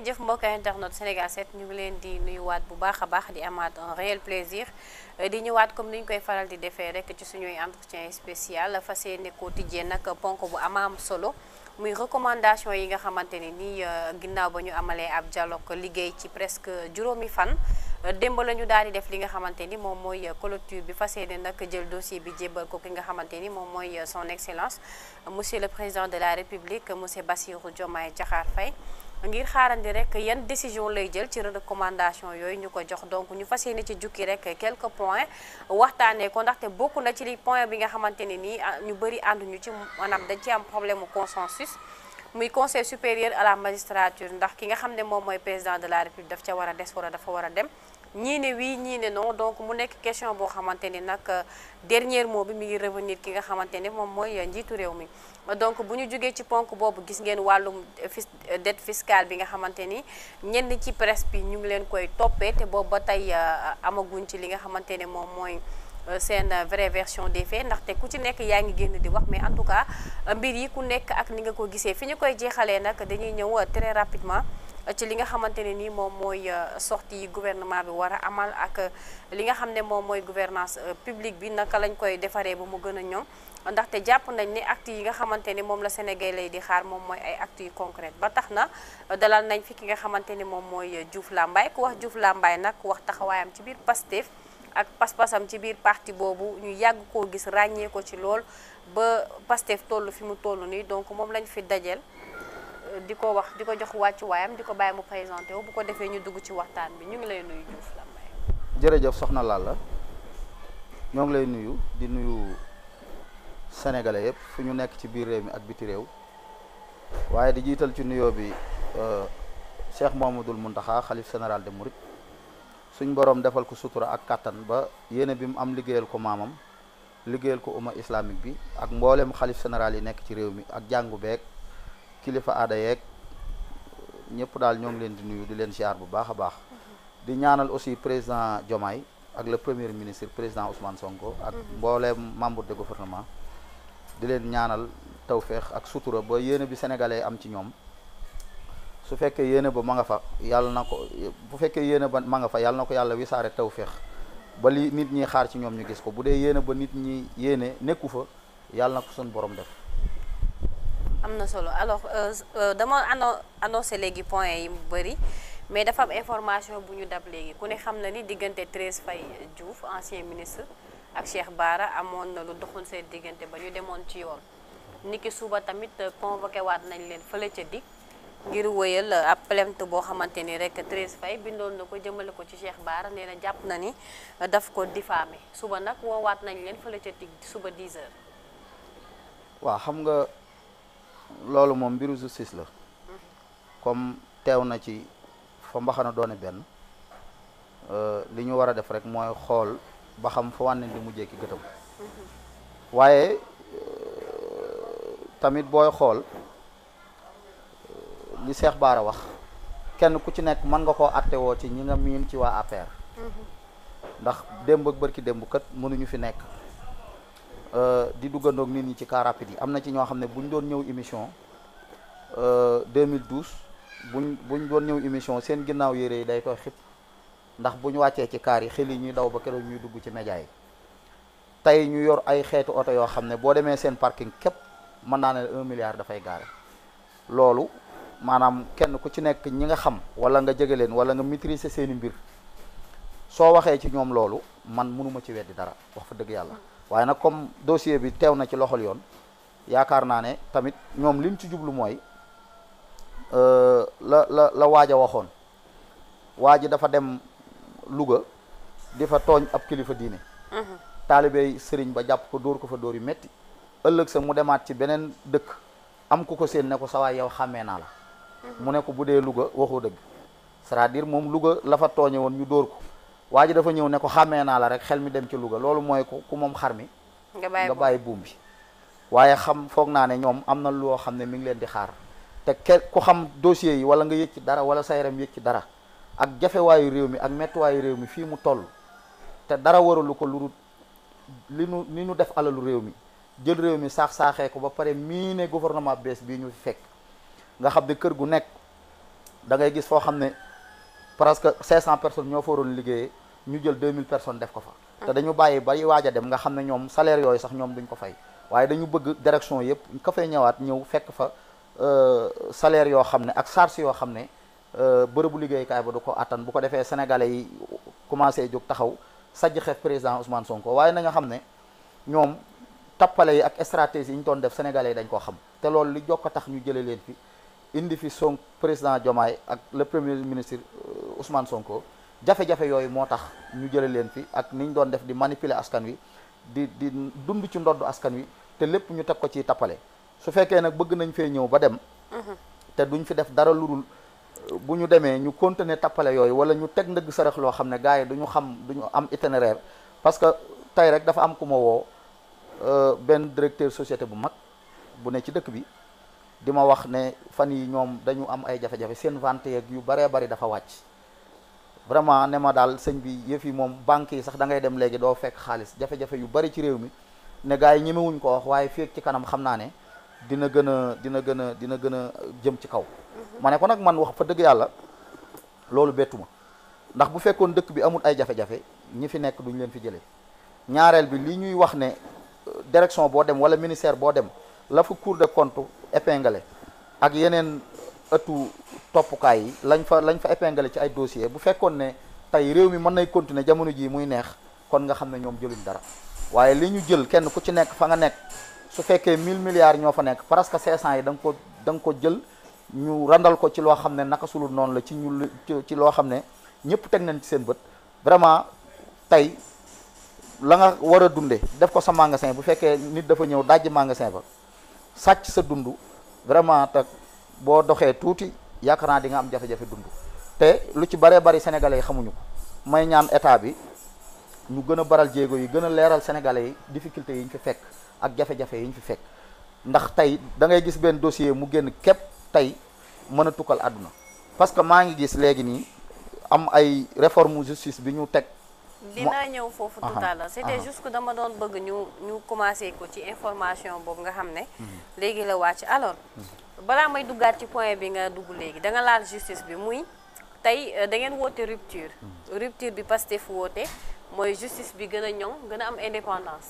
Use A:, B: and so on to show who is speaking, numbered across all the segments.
A: jërëjëf mbokk internet Sénégal 7 ñu ngi leen di nuyuwaat bu baax a baax di amaat un réel plaisir euh, di ñëwaat comme ni ñu koy faral di defee rek ci suñuy entretien spécial fas yéene koo tijjee nag ponk bu am solo muy recommandation yi nga xamante ni nii euh, ginnaaw ba ñu amalee ab dialogue liggéey ci presque juróomi fan euh, démb la ñu daal di def li nga xamante ni moom mooy clôture bi fas yéene nag jël dossier bi jébbal ko ki nga xamante ni moom mooy son excellence monsieur le président de la république monsieur Bassirou Diomaye Diakhar Faye ngir xaarandi rek yan décision lay jël ci recommandation yooyu ñu ko jox donc ñu fas yéene ci jukki rek quelques points waxtaanee ko ndaxte bokk na ci li point bi nga xamante ne nii ah, ñu bëri ànduñu ci maanaam dañ ci am problème mu consensus muy conseil supérieur à la magistrature ndax ki nga xam ne moom mooy président de la république daf ca war a des wala dafa war a dem ñii ne oui ñii ne non donc mu nekk question boo xamante ni nag euh, dernier mot bi mu ngi revenir ki nga xamante ni moom mooy euh, njiitu réew mi donc bu ñu jógee ci ponk boobu gis ngeen wàllum euh, fis dette fiscale bi nga xamante ni ñenn ci presse bi ñu ngi leen koy toppee te boobu ba tey amaguñ ci li nga xamante ne moom mooy seen vraie version des faits ndaxte ku ci nekk yaa ngi génn di wax mais en tout cas mbir yi ku nekk ak ni nga ko gisee fi ñu koy jeexalee nag dañuy ñëw très rapidement ci li nga xamante ne nii moom mooy euh, sortie yi gouvernement bi war a amal ak euh, li nga xam ne moom mooy gouvernance euh, publique bi naka lañ koy defaree ba mu gën a ñoŋ ndaxte jàpp nañ ni act yi nga xamante ne moom la Sénégal lay di xaar moom mooy ay actes yu concret ba tax na dalal nañ fi ki nga xamante ne moom mooy Diouf Lambaye ku wax Diouf Lambaye nag wax taxawaayam ci biir Pastef ak pas-pasam ci biir parti boobu ñu yàgg koo gis ràññee ko ci lool ba Pastef toll fi mu toll nii donc moom lañ fi dajeel di ko wax di ko jox wàccuwaayam di ko bàyyi mu présenté bu ko defee ñu dugg ci waxtaan bi ñu ngi lay nuyu Diouf Lambaye.
B: jërëjëf soxna Lalla ñoo ngi lay nuyu di nuyu sénégalais yëpp fu ñu nekk ci biir réew mi ak biti réew waaye di jiital ci nuyoo bi euh, Cheikh Mouhamadoul Mountakha xalif général de suñ borom defal ko sutura ak kàttan ba yéene bi mu am liggéeyal ko maamam liggéeyal ko umma islamique bi ak mboolem xalif général yi nekk ci réew mi ak jàngu beek kilifa aada yeeg ñëpp daal ñoo ngi leen di nuyu di leen ziar bu baax a baax di ñaanal aussi président Diomaye ak le premier ministre président Ousmane Sonko ak mhm. mbooleem membre de gouvernement di leen ñaanal tawféex ak sutura ba yéene bi sénégalais am ci ñoom su fekkee yéene ba ma nga fa yàlla na ko bu fekkee yéene ba ma nga fa yàlla na ko yàlla wisaare tawféex ba li nit ñi xaar ci ñoom ñu gis ko bu dee yéene ba nit ñi yéene nekku fa yàlla na ko suñu borom def
A: am na solo alors euh, euh, dama annoncé léegi point yi mu bëri mais dafa am information bu ñu dab léegi ku ne xam na ni diggante Thérèse Faye Diouf ancien ministre ak Cheikh Bara amoon na lu doxoon seen diggante ba ñu demoon ci yoon. niki suba tamit euh, convoqué waat nañ leen fële ca ngir wëyal ab plainte boo xamante ni rek Thérèse Faye bindoon na ko jëmale ko ci Cheikh Bara nee na jàpp na ni daf ko diffamé suba nag woowaat nañ leen fële suba 10h.
B: xam nga. loolu moom mbiru justice la comme teew na ci fa mbaxana doone benn euh, li ñu war a def rek mooy xool ba xam fa wànne di mujjee ki gëtam waaye euh, tamit booy xool euh, li Cheikh Bara wax kenn ku ci nekk mën nga koo attewoo ci ñi nga miin ci waa APR mm-hmm. ndax démb ak bërki démb kat mënuñu fi nekk Euh, di duggandoog nit ñi ci car rapide yi am na ci ñoo xam ne bu ñu doon ñëw émission 2012 euh, buñ buñ doon ñëw émission seen ginnaaw yére yi day koy xib ndax bu ñu wàccee ci car yi xel yi ñuy daw ba keroog ñuy dugg ci média yi tey ñu yor ay xeetu oto yoo xam ne boo demee seen parking képp mën naa ne un milliard dafay gaare loolu maanaam kenn ku ci nekk ñi nga xam wala nga jege leen wala nga maîtriser seeni mbir soo waxee ci ñoom loolu man mënuma ci weddi dara wax fa dëgg yàlla waaye nag comme dossier bi teew na ci loxol yoon yaakaar naa ne tamit ñoom lim ci jublu mooy euh, la la la waaj a waxoon waa ji dafa dem Louga di fa tooñ ab kilifa diine mhm. taalibeey sëriñ ba jàpp ko dóor ko fa dóor yu metti ëllëg sa mu demaat ci beneen dëkk am ku ko seen ne ko sawaay yow xàmmee naa la
C: mhm.
B: mu ne ko bu dee Louga waxoo dëgg cest moom Louga la fa tooñe woon ñu dóor ko waa ji dafa ñëw ne ko xàmmee naa la rek xel mi dem ci Louga loolu mooy ku ku moom xar mi
A: nga bàyyi
B: buum bi waaye xam foog naa ne ñoom am na loo xam ne mi ngi leen di xaar te ke ku xam dossier yi wala nga yëg ci dara wala sa yaram ci dara ak jafewaayu réew mi ak mettiwaayu réew mi fii mu toll te dara waralu ko lu li nu ni nu def alalu réew mi jël réew mi saax saaxee ko ba pare mii ne gouvernement bees bii ñu fekk nga xam ne kër gu nekk da ngay gis foo xam ne presque 500 personne ñoo fa waroon liggéeyee ñu jël 2000 personnes def ko fa te dañu bàyyi bay waaja dem nga xam ne ñoom salaire yooyu sax ñoom duñ ko fay waaye dañu bëgg direction yëpp ko fay ñëwaat ñëw fekk fa euh, salaire yoo xam ne ak charge yoo xam ne euh, bërëbu liggéeykaay ba du ko attan bu ko defee sénégalais yi commencé jóg taxaw sajj xeef président Ousmane Sonko waaye na nga xam ne ñoom tappale yi ak stratégie yi ñu doon def sénégalais yi dañ koo xam te loolu li jokk tax ñu jëlee leen fi indi fi son président Diomaye ak le premier ministre euh, Ousmane Sonko jafe-jafe yooyu moo tax ñu jële leen fi ak ni ñu doon def di manipuler askan wi di di dund ci ndoddu askan wi te lépp ñu teg ko ci tappale su fekkee nag bëgg nañ fee ñëw ba dem mhm. te duñ fi def dara ludul bu ñu demee ñu continuer tappale yooyu wala ñu teg ndëgg sërëx loo xam ne gars yi duñu xam duñu am itinéraire parce que tey rek dafa am ku ma woo euh, benn directeur société bu mag bu ne ci dëkk bi di ma wax ne fan yi ñoom dañu am ay jafe-jafe seen vente yeeg yu baree bari dafa wàcc vraiment ne ma daal sëñ bi yëf yi moom banque yi sax da ngay dem léegi doo fekk xaalis jafe-jafe yu bari ci réew mi ne gars yi ñemewuñ ko wax waaye fii ci kanam xam naa ne dina gën a dina gën a dina gën a jëm ci kaw.
C: Mhm. ma
B: ne ko nag man wax fa dëgg yàlla loolu bettu ndax bu fekkoon dëkk bi amul ay jafe-jafe ñi fi nekk duñ leen fi jëlee ñaareel bi li ñuy wax ne euh, direction boo dem wala ministère boo dem la fa cour de compte épinglé ak yeneen. ëttu toppukaay yi lañ fa lañ fa épinglé ci ay dossier bu fekkoon ne tey réew mi mën nay continuer jamono jii muy neex kon nga xam ne ñoom jëluñ dara waaye li ñu jël kenn ku ci nekk fa nga nekk su fekkee 1000 milliards ñoo fa nekk presque 500 yi danga ko da jël ñu randal ko ci loo xam ne naka sulul noonu la ci ñu ci loo xam ne ñëpp teg nañ ci seen bët vraiment tey la nga war a dunde def ko sa magasin bu fekkee nit dafa ñëw dajji magasin ba sàcc sa dund vraiment boo doxee tuuti yaakaar naa di nga am jafe-jafe dund te lu ci baree bari sénégalais yi xamuñu ko may ñaan état bi ñu gën a baral jéego yi gën a leeral sénégalais yi difficultés yi ñu fi fekk ak jafe-jafe yi ñu fi fekk ndax tey da ngay gis benn dossier mu génn képp tey mën a tukkal àdduna parce que maa ngi gis léegi nii am ay réforme justice bi ñu teg dinaa ñëw foofu tout à l'heure c'était
A: juste que dama doon bëgg ñu ñu commencé ko ci information boobu nga xam ne mhm. léegi la wàcc alors mhm. balaa may duggaat ci point bi nga dugg léegi danga laal justice bi muy tey euh, dangeen ngeen woote rupture hmm. rupture bi Pastef woote mooy justice bi gën a ñoŋ gën a am indépendance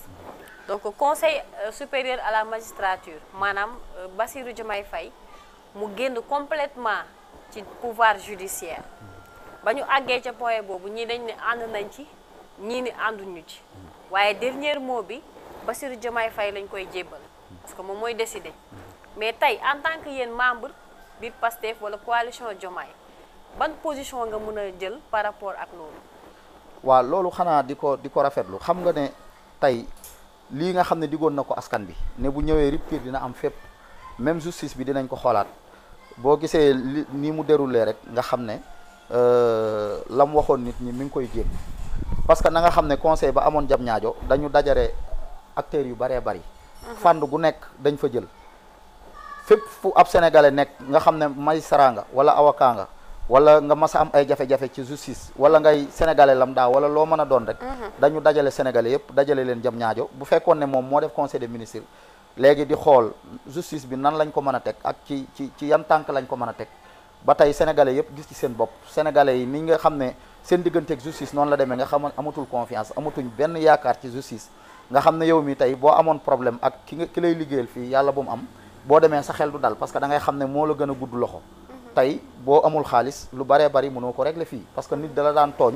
A: donc conseil euh, supérieur à la magistrature maanaam euh, Bassirou Diomaye fay mu génn completement ci pouvoir judiciaire hmm. ba ñu àggee ca point boobu ñii dañ ne ànd nañ ci ñii ni ànduñu ci hmm. waaye dernier mot bi Bassirou Diomaye fay lañ koy jébbal parce que moom mooy décider mais tey en tant que yéen membre biir Pastef wala coalition Diomaye ban position nga mën a jël par rapport ak loolu.
B: waaw loolu xanaa di ko di ko rafetlu xam nga ne tey lii nga xam ne digoon na ko askan bi ne bu ñëwee rupture dina am fépp même justice bi dinañ ko xoolaat boo gisee li ni mu déroulé rek nga xam ne euh, la mu waxoon nit ñi mi ngi koy génn parce que na nga xam ne conseil ba amoon jam ñaajo dañu dajare acteurs yu baree bari. Mhm. fànn gu nekk dañ fa jël. fépp fu ab sénégalais nekk nga xam ne may nga wala avocat nga wala nga mas a am ay jafe-jafe ci justice wala ngay sénégalais lam daa wala loo mën a doon rek mhm. dañu dajale sénégalais yëpp dajale leen jam ñaajo bu fekkoon ne moom moo def conseil des ministre léegi di xool justice bi nan lañ ko mën a teg ak ci ci ci yan tànk lañ ko mën a teg ba tey sénégalais yëpp gis ci seen bopp sénégalais yi ni nga xam ne seen diggante ak justice noonu la demee nga xam amatul confiance amatuñ benn yaakaar ci justice nga xam ne yow mi tey boo amoon problème ak ki nga ki lay liggéeyal fii yàlla bu am boo demee sa xel du dal parce que dangay xam ne moo la gën a gudd loxo tey boo amul xaalis lu baree bari mënoo ko rek régler fii parce que nit dala daan tooñ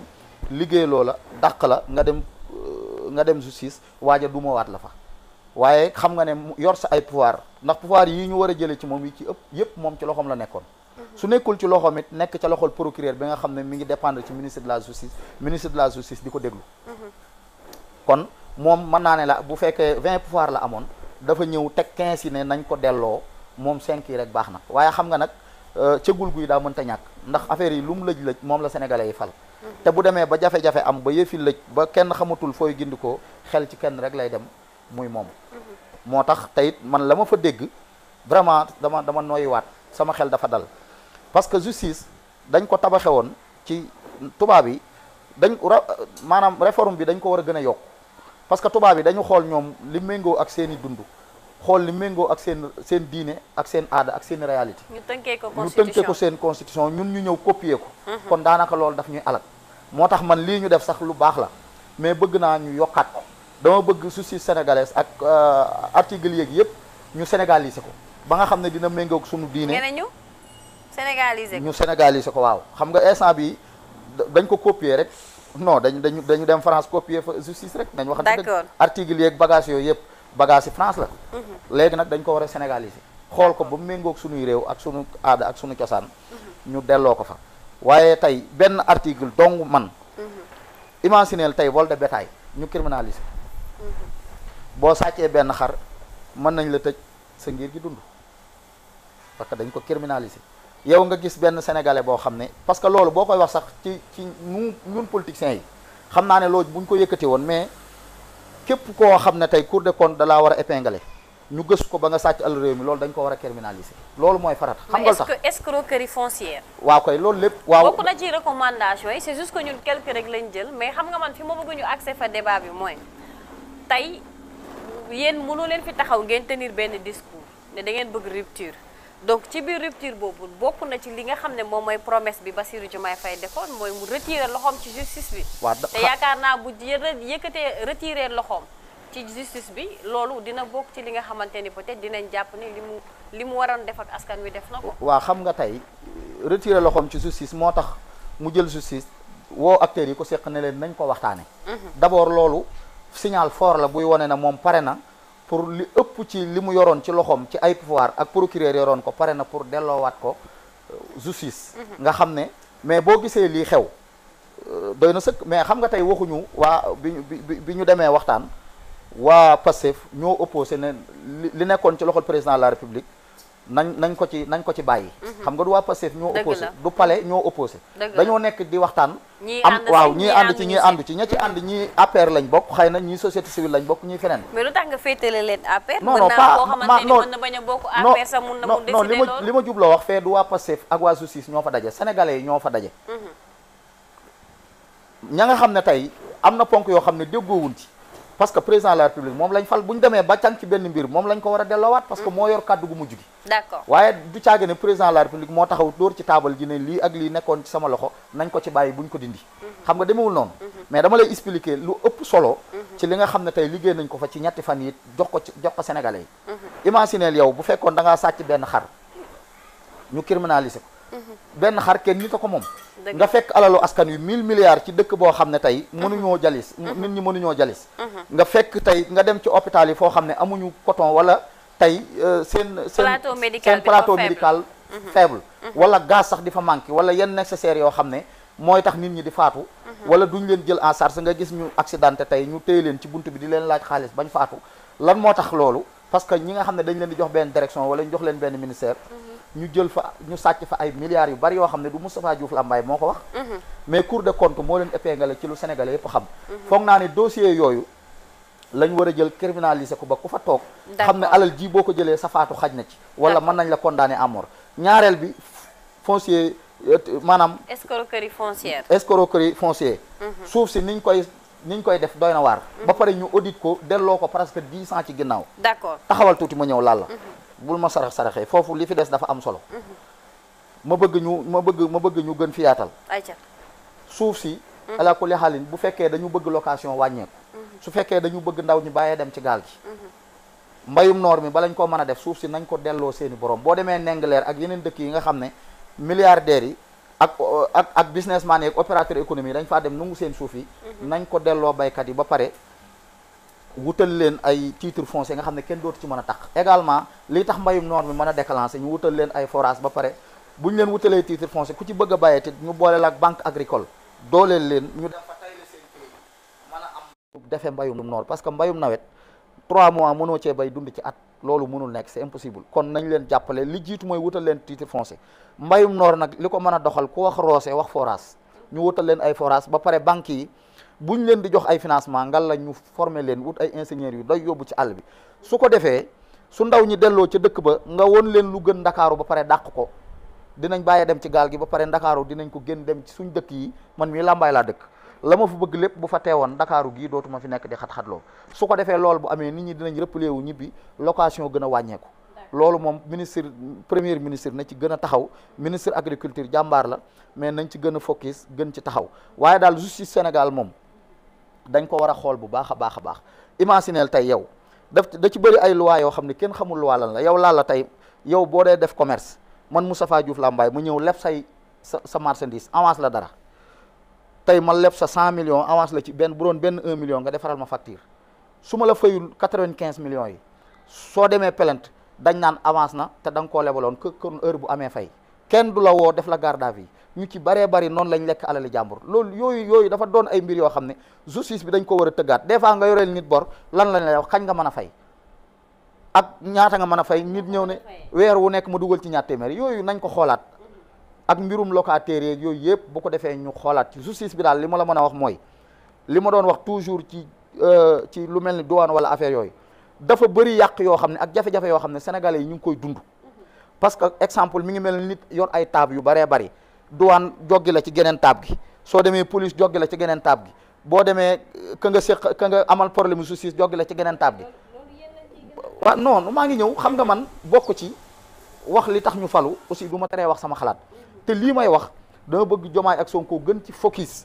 B: liggéey loola dàq la nga dem euh, nga dem justice waaja du ma la fa waaye xam nga ne yor sa ay pouvoir ndax pouvoir yi ñu war a jëlee ci moom yi ci ëpp yëpp moom ci loxoom la nekkoon su nekkul ci loxoom it nekk ca loxol procureur bi nga xam ne mi ngi dépendre ci ministre de la justice ministre de la justice di ko déglu
C: mhm.
B: moom mën naa ne la bu fekkee vingt pouvoir la amoon dafa ñëw teg 15 yi ne nañ ko delloo moom 5 yi rek baax na waaye xam nga nag euh, cëgul guy daa mënta ñàkk ndax affaire yi lu mu lëj lëj moom la sénégalais yi fal. Mm-hmm. te bu demee ba jafe-jafe am ba yëfi lëj ba kenn xamatul fooy gindikoo xel ci kenn rek lay dem muy moom.
C: Mm-hmm.
B: moo tax teyit man la ma fa dégg vraiment dama dama noyyiwaat sama xel dafa dal parce que justice dañ ko tabaxe woon ci tubaab yi dañ maanaam réforme bi dañ ko war a gën a yokk. parce que tubaab yi dañu xool ñoom li méngoo ak seeni i dund xool li méngoo ak seen seen diine ak seen aada ak seen réalité.
A: ñu tënkee ko
B: seen constitution ñun ñu ñëw copier ko. Mhm. kon daanaka loolu daf ñuy alal. moo tax man lii ñu def sax lu baax la mais bëgg naa ñu yokkaat ko dama bëgg su si sénégalaise ak euh, article yeeg yëpp ñu sénégaliser ko ba nga xam ne dina méngoo ak sunu diine. nee
A: ñu sénégaliser ko
B: ñu sénégaliser ko waaw xam nga instant bi dañ ko copier rek. non dañ dañu dañu dem France copier fa justice rek nañ wax d'accord article yeeg bagage yooyu yëpp bagage yi France la mhm. léegi nag dañ ko war a sénégalisé xool ko ba mu méngoog suñuy réew ak suñu aada ak suñu cosaan ñu delloo ko fa waaye tey benn article dong man mhm. imagineel tey vol de bétail ñu criminaliser mhm. boo sàccee benn xar mën nañ la tëj sa ngir gi dund parce que dañ ko criminaliser yow nga gis benn sénégalais boo xam ne parce que loolu boo koy wax sax ci ci nu ñun politiciens yi xam naa ne loolu bu ko yëkkati woon mais képp koo xam ne tey cour de comptes da laa war a épingler ñu gëstu ko ba nga sàcc àll réew mi loolu dañ ko war a criminaliser loolu mooy farat xam nga sax
A: escroquerie foncière
B: waaw koy loolu lépp waaw bokk na
A: ci recommandation yi c'est juste que ñun quelque rek lañ jël mais xam nga man fi ma bëgg ñu accès fa débat bi mooy tey yéen mënu leen fi taxaw ngeen tenir benn discours ne da ngeen bëgg rupture donc ci biir rupture boobu bokk na ci li nga xam ne moom mooy promesse bi ba Bassirou Diomaye Faye defoon mooy mu retirer loxoom ci justice bi. waaw yaakaar naa bu yëkkatee retirer loxoom ci justice bi loolu dina bokk ci li nga xamante ni peut-être dinañ jàpp ni li mu li mu waroon def ak askan wi def na ko.
B: waaw xam nga tey retirer loxoom ci justice moo tax mu jël justice woo acteurs yi ko seq ne leen nañ ko waxtaane
C: mhm. d'abord
B: loolu signal fort la buy wane na moom pare na. pour li ëpp ci li mu yoroon ci loxoom ci ay pouvoir ak procureur yoroon ko pare na pour delloowaat ko euh, justice mhm. nga xam ne mais boo gisee lii xew euh, doy na sëkk mais xam nga tey waxuñu waa bi bi ñu demee waxtaan waa Pastef ñoo opposé ne li nekkoon ci loxol président de la république nañ nañ ko ci nañ ko ci bàyyi. Mhm. xam nga du waa Pastef ñoo opposé du pale ñoo opposé dañoo nekk di waxtaan am waaw ñii ànd ci ñii ànd ci ña ci ànd ñii APR lañ bokk xëy na ñii société civile lañ bokk ñii feneen
A: mais lu tax nga féetale leen APR non non pas mën a bokk
B: APR sax mun na li ma li ma jubloo wax fee du waa Pastef ak waa justice ñoo fa daje sénégalais yi ñoo fa daje mhm. ña nga xam ne tey am na ponk yoo xam ne déggoowuñ ci parce que président de la république moom lañ fal bu demee ba can ci benn mbir moom lañ ko war a delloowaat parce que moo yor kàddu gu mujj gi waaye du caage ne président la république moo taxaw dóor ci taabal ji ne li ak lii nekkoon ci sama loxo nañ ko ci bàyyi buñ ko dindi mhm. xam nga demewul noonu mhm. mais dama lay expliquer lu ëpp solo mhm. ci li nga xam ne tey liggéey nañ ko fa ci ñetti fan yi jox ko ci jox ko sénégalais yi imagineel yow bu fekkoon da ngaa sàcc benn xar ñu criminaliser ko benn xar kenn nit a ko moom nga fekk alalu askan wi mille milliards ci dëkk boo xam ne tey mhm. mënuñoo jalis mhm. nit ñi mënuñoo jalis mhm. nga fekk tey nga dem ci hôpital yi foo xam ne amuñu coton wala tey euh, seen seen plateau médical faible wala gaz sax di fa manqué wala yenn nécessaire yoo xam ne mooy tax nit ñi di faatu du ñu leen jël en charge nga gis ñu accidenté tey ñu téye leen ci bunt bi di leen laaj xaalis bañ faatu lan moo tax loolu parce que ñi nga xam ne dañ leen di jox benn direction wala ñu jox leen benn ministère ñu jël fa ñu sàcc fa ay milliards yu bari yoo xam ne du Moustapha Diouf Lambaye moo ko wax mhm. mais Cour des comptes moo leen épinglé ci lu Sénégalais yépp xam mhm. foog naa ne dossier yooyu lañu war a jël criminaliser ko ba ku fa toog xam ne alal ji boo ko jëlee sa faatu xaj na ci wala man nañ la condamné à ñaareel bi foncier euh, maanaam
A: escroquerie foncière
B: escroquerie foncière mhm. suuf si niñ koy niñ koy def doy na waar ba pare ñu audit ko delloo ko presque dix ans ci ginnaaw
A: d'accord taxawal
B: tuuti ma ñëw laal la bul ma sarax saraxee foofu li fi des dafa am solo ma bëgg ñu ma bëgg ma bëgg ñu gën fi yaatal suuf si mhm. ala kulli xaalin bu fekkee dañu bëgg location wàññeeku mhm. su fekkee dañu bëgg ndaw ñi bàyyee dem ci gaal gi
C: mhm.
B: mbayum noor mi balañ ko mën a def suuf si nañ ko delloo seeni borom boo demee leer ak yeneen dëkk yi nga xam ne milliardaires yi ak ak ak businessman yi ak opérateur économie dañ faa dem nungu seen suuf yi nañ ko delloo baykat yi ba pare wutal leen ay titre foncier nga xam ne kenn dootu ci mën a tax également li tax mbayum noor mi mën a déclencher ñu wutal leen ay forage ba pare bu leen wutalee titre foncier ku ci bëgg a bàyyeti ñu ak banque agricole dooleel leen ñu def fa tayle seen crédit mën a noor parce que mbayum nawet trois mois mënoo cee bay dund ci at loolu mënul nekk c'est impossible kon nañ leen jàppale li jiitu mooy wutal leen titre foncier mbayum noor nag li ko mën a doxal ku wax roose wax forage ñu wutal leen forage ba pare banque yi bu ñu leen di jox ay financement ngal la ñu former leen wut ay ingénieurs yu day yóbbu ci àll bi su ko defee su ndaw ñi delloo ca dëkk ba nga woon leen lu gën ndakaaru ba pare dàq ko dinañ bàyyi dem ci gaal gi ba pare ndakaaru dinañ ko génn dem ci suñ dëkk yi man mii làmbaay laa dëkk la ma fa bëgg lépp bu fa teewoon ndakaaru gii dootuma fi nekk di xat-xatloo su ko defee lool bu amee nit ñi dinañ replier wu ñibbi location gën a wàññeeku loolu moom ministre premier ministre na ci gën a taxaw ministre agriculture jàmbaar la mais nañ ci gën a focus gën ci taxaw waaye daal justice Sénégal moom dañ ko war a xool bu baax a baax a baax imagineel tey yow daf da ci bëri ay loi yoo xam ne kenn xamul loi lan la yow laal la tey yow boo dee def commerce man Moustapha Diouf Lambaye mu ñëw leb say sa sa marchandise avance la dara tey ma leb sa cent millions avance la ci benn bu doon benn un million nga defaral ma facture su ma la fayul 95 millions yi soo demee plainte dañ naan avance na te da nga koo lebaloon que kon heure bu amee fay kenn du la woo def la garde à ñu ci baree bari noonu lañ lekk alali jàmbur loolu yooyu yooyu dafa doon ay mbir yoo xam ne justice bi dañ ko war a tëggaat des fois nga yoreel nit bor lan lañ lay wax xañ nga mën a fay ak ñaata nga mën a fay nit ñëw ne weer wu nekk ma dugal ci ñaar téeméer yooyu nañ ko xoolaat ak mbirum locataire yeeg yooyu yëpp bu ko defee ñu xoolaat ci justice bi daal li ma la mën a wax mooy li ma doon wax toujours ci euh, ci lu mel ni douane wala affaire yooyu dafa bëri yàq yoo xam ne ak jafe yoo xam ne sénégalais yi ñu ngi koy dund parce que exemple mi ngi mel ni nit yor ay taab yu baree bari duwaan joggi la ci geneen taab gi soo demee police joggi la ci geneen taab gi boo demee euh, ka nga séq ka nga amal problème su siis joggi la ci geneen taab gi waaw non maa ngi ñëw xam nga man bokk ci wax li tax ñu falu aussi du ma teree wax sama xalaat te lii may wax dama bëgg jomaay ak Sonko gën ci focus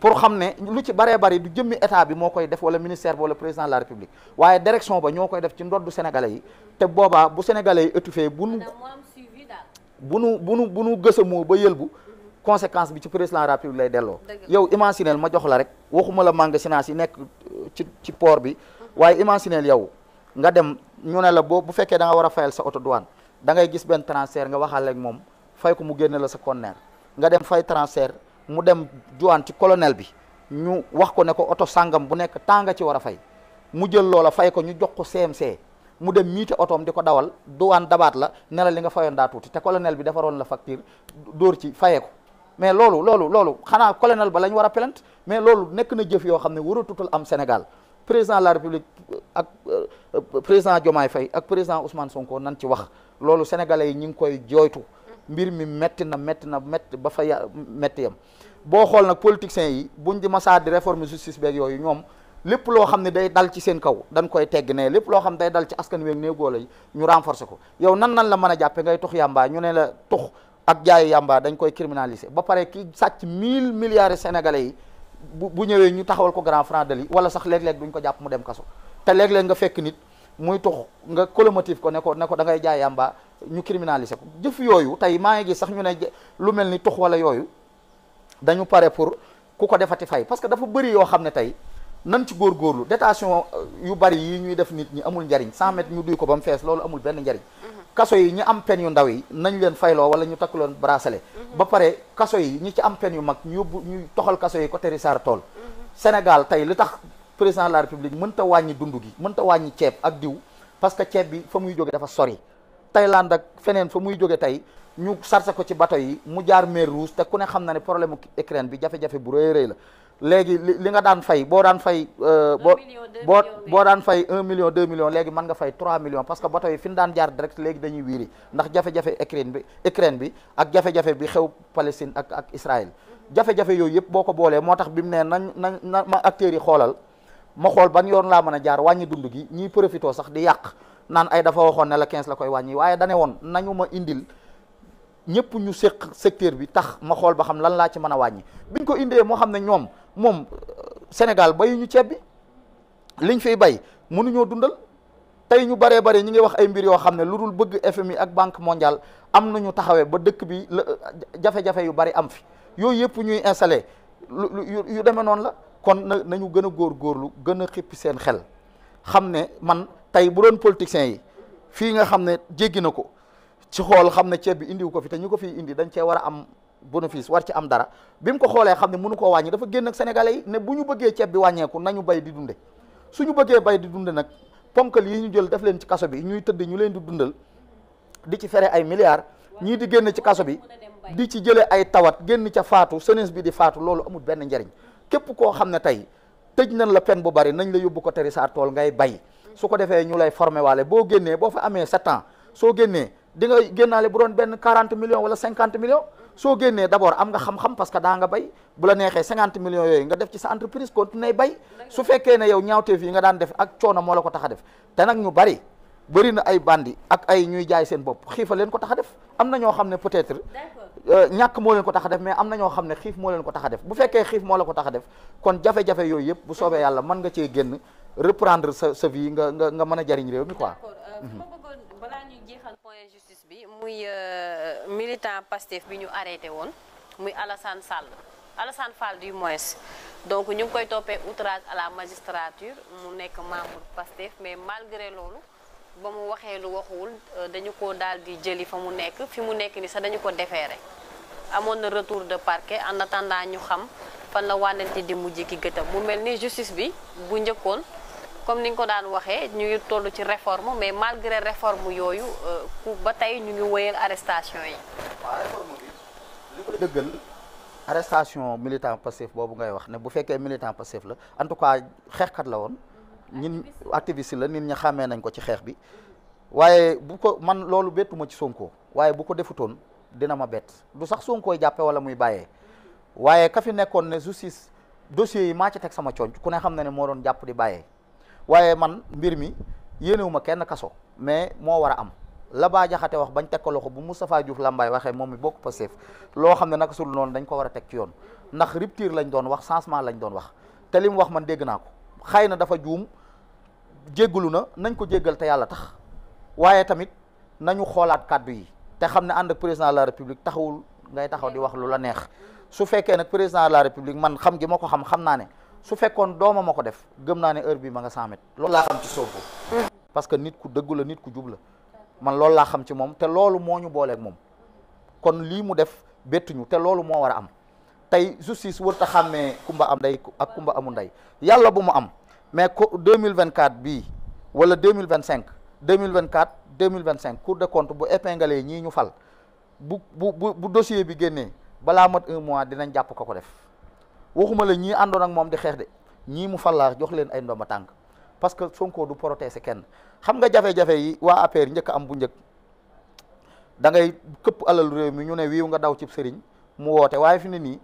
B: pour xam ne lu ci baree bari du jëmmi état bi moo koy def wala ministère bi wala président de la république waaye direction ba ñoo koy def ci ndoddu sénégalais yi te boobaa bu sénégalais yi étouffé bu nu bu nu bu nu bu nu gësamoo ba yëlbu conséquence bi ci président république lay delloo yow imaginel ma jox la rek waxuma la magasinage yi nekk euh, ci ci port bi waaye imaginel yow nga dem ñu ne la boo bu fekkee da nga war a fayal sa auto douane dangay ngay gis benn transfert nga waxaal ak moom fay ko mu génne la sa conteneur nga dem fay transfert mu dem douane ci colonel bi ñu wax ko ne ko oto sàngam bu nekk temps nga ci war a fay mu jël loola fay ko ñu jox ko CMC mu dem miite otoom di ko dawal duwaan dabaat la ne la li nga fayoon daa tuuti te colonel bi defaroon la facture dóor ci fayee ko mais loolu loolu loolu xanaa colonel ba la ñu war a plainte mais loolu nekk na jëf yoo xam ne waratutul am Sénégal président la République ak euh, président Diomaye fay ak président Ousmane Sonko nan ci wax loolu sénégalais yi ñu ngi koy jooytu mbir mi metti na metti na metti ba fa ya metti yam boo xool nag politiciens yi buñ di masaa di réforme justice beeg yooyu ñoom lépp loo xam ne day dal ci seen kaw dañ koy tegg nee lépp loo xam ne day dal ci askan weeg néew góor yi ñu renforcer ko yow nan nan la mën a jàppe ngay tux yàmbaa ñu ne la tux ak jaayu yàmbaa dañ koy criminaliser ba pare ki sàcc mille milliards sénégalais yi bu bu ñëwee ñu taxawal ko grand franc dali wala sax léeg duñ ko jàpp mu dem kaso te léeg-léeg nga fekk nit muy tux nga colomotive ko ne ne ko da ngay jaay yàmbaa ñu criminaliser ko jëf yooyu tey maa sax ñu ne lu mel ni tux wala yooyu dañu pare pour ku ko defati fay parce que dafa bëri yoo xam ne tey nan ci góor góorgóorlu detation euh, yu bari yi ñuy def nit ñi amul njariñ 100 ñu duy ko ba mu fees loolu amul benn njariñ mhm. kaso yi ñi am peine yu ndaw yi nañ leen fayloo wala ñu takk loon bracelet mhm. ba pare kaso yi ñi ci am peine yu mag ñu yóbbu ñu toxal kaso yi côté Richard tool mhm. Sénégal tey li tax président de la république mënta wàññi dund gi mënta wàññi ceeb ak diw parce que ceeb bi fa muy jóge dafa sori Thaïlande ak feneen fa muy jóge tey ñu sarse ko ci bato yi mu jaar mer Rouge te ku ne xam na ne problème Ukraine bi jafe bu rëy rëy la léegi li nga daan fay boo daan fay euh, boo boo boo daan fay un million deux millions léegi mën nga fay trois millions parce que bateau yi fi ñu daan jaar direct léegi dañuy wiiri ndax jafe-jafe Ukraine bi Ukraine bi ak jafe-jafe bi xew Palestine ak ak Israël mhm. jafe-jafe yooyu yëpp boo ko boolee moo tax bi mu nee nañ nañ na ma acteurs yi xoolal ma xool ban yoon laa mën a jaar wàññi dund gi ñii profitoo sax di yàq naan ay dafa waxoon ne la quinze la koy wàññi waaye dane woon nañu ma indil ñëpp ñu séq secteur bi tax ma xool ba xam lan laa ci mën a wàññi biñ ko indee moo xam ne ñoom moom Sénégal bayuñu ceeb bi liñ fiy bay munuñoo dundal tey ñu baree bare ñi ngi wax ay mbir yoo xam ne lu dul bëgg FMI ak banque mondiale am nañu taxawee ba dëkk bi la jafe-jafe yu bari am fi yooyu yëpp ñuy installé lu yu demee noonu la kon na nañu gën a góorgóorlu gën a xippi seen xel xam ne man tey bu doon politiciens yi fii nga xam ne jéggi na ko ci xool xam ne ceeb bi indiwu ko fi te ñu ko fiy indi dañ cee war a am bénéfice war ci am dara bi mu ko xoolee xam ne mënu koo wàññi dafa génn ak sénégalais yi ne bu ñu bëggee ceeb bi wàññeeku nañu bay di dunde su ñu bëggee bay di dunde nag ponkal yi ñu jël def leen ci kaso bi ñuy tëdd ñu leen di dundal di ci fere ay milliards ñii di génn ci kaso bi di ci jëlee ay tawat génn ca faatu senes bi di faatu loolu amul benn njariñ képp koo xam ne tey tëj nañ la peine bu bari nañ la yóbbu ko teri sa tool ngay bay su ko defee ñu lay formé waale boo génnee boo fa amee sept ans soo génnee di nga génnaale bu doon benn 40 millions wala 50 millions soo génnee d' abord am nga xam-xam parce que daa nga bay bu la neexee cinquante millions yooyu nga def ci sa entreprise nay bay su fekkee ne yow ñaawteef yi nga daan def ak coono moo la ko tax def te nag ñu bari bëri na ay bandi ak ay ñuy jaay seen bopp xiifa leen ko tax a def am na ñoo xam ne être euh, ñàkk moo ko tax def mais am na ñoo xam ne xiif moo leen ko taxa def bu fekkee xiif moo la ko tax a def kon jafe-jafe yooyu yëpp bu soobee mhm. yàlla mën nga cee génn reprendre sa sa vie nga nga nga mën a jariñ réew mi quoi
A: muy euh, militant Pastef bi ñu arrêté woon muy Alassane Sall Alassane Fall du moins donc ñu ngi koy toppee outrage à la magistrature mu nekk membre Pastef mais malgré loolu ba mu waxee lu waxuwul euh, dañu ko daal di jëli fa mu nekk fi mu nekk ni sax dañu ko defeere amoon na retour de parquet en attendant ñu xam fan la wànnante di mujj ki gëtam mu mel ni justice bi bu njëkkoon comme ni nga ko daan waxee ñu ngi toll ci réforme mais malgré réforme yooyu euh, ba tey ñu ngi wéyal arrestation yi. waaw
B: réforme bi boobu ngay wax ne bu fekkee militant passif la en tout cas xeexkat la woon. ñin activiste la nit ñi xàmmee nañ ko ci xeex bi waaye bu ko man loolu bettuma ci Sonko waaye bu ko defutoon dina ma bett du sax Sonkooy jàppe wala muy bàyyee waaye ka fi nekkoon ne justice dossiers yi maa ci teg sama cooñ ku ne xam na ne moo doon jàpp di bàyyee. waaye man mbir mi yéenewuma kenn kaso mais moo war a am la baa jaxate wax bañ teg ko loxo bu Moustapha Diouf Lambaye waxee moom mi bokk Pastef loo xam ne naka sul noonu dañ ko war a teg ci yoon ndax rupture lañ doon wax changement lañ doon wax te li mu wax man dégg naa ko xay na dafa juum jéggalu na nañ ko jéggal te yàlla tax waaye tamit nañu xoolaat kàddu yi te xam ne ànd ak président la république taxawul ngay taxaw di wax lu la neex su fekkee nag président la république man xam gi ma ko xam xam naa ne su fekkoon doomam ma ko def gëm naa ne heure bii ma nga 100 mètres loolu laa xam ci Sonko parce que nit ku dëggu la nit ku jub la man loolu laa xam ci moom te loolu moo ñu booleeg moom kon lii mu def bettuñu te loolu moo war a am tey justice wër ta xàmmee kumba am ndey ak kumba amul ndey yàlla bu mu am mais ko deux mille 2024 bii wala deux mille vingt cinq 2025 2024 2025 cour des comptes bu épinglé ñii ñu fal bu bu bu dossier bi génnee balaa mat mois dinañ jàpp ko ko def waxuma la ñii àndoon ak moom di xeex de ñii mu fallaar jox leen ay ndomba tànk parce que Sonko du protéger kenn xam nga jafe-jafe yi waa APR njëkk am bu njëkk da ngay këpp alal réew mi ñu ne wiiw nga daw cib sëriñ mu woote waaye fi ne nii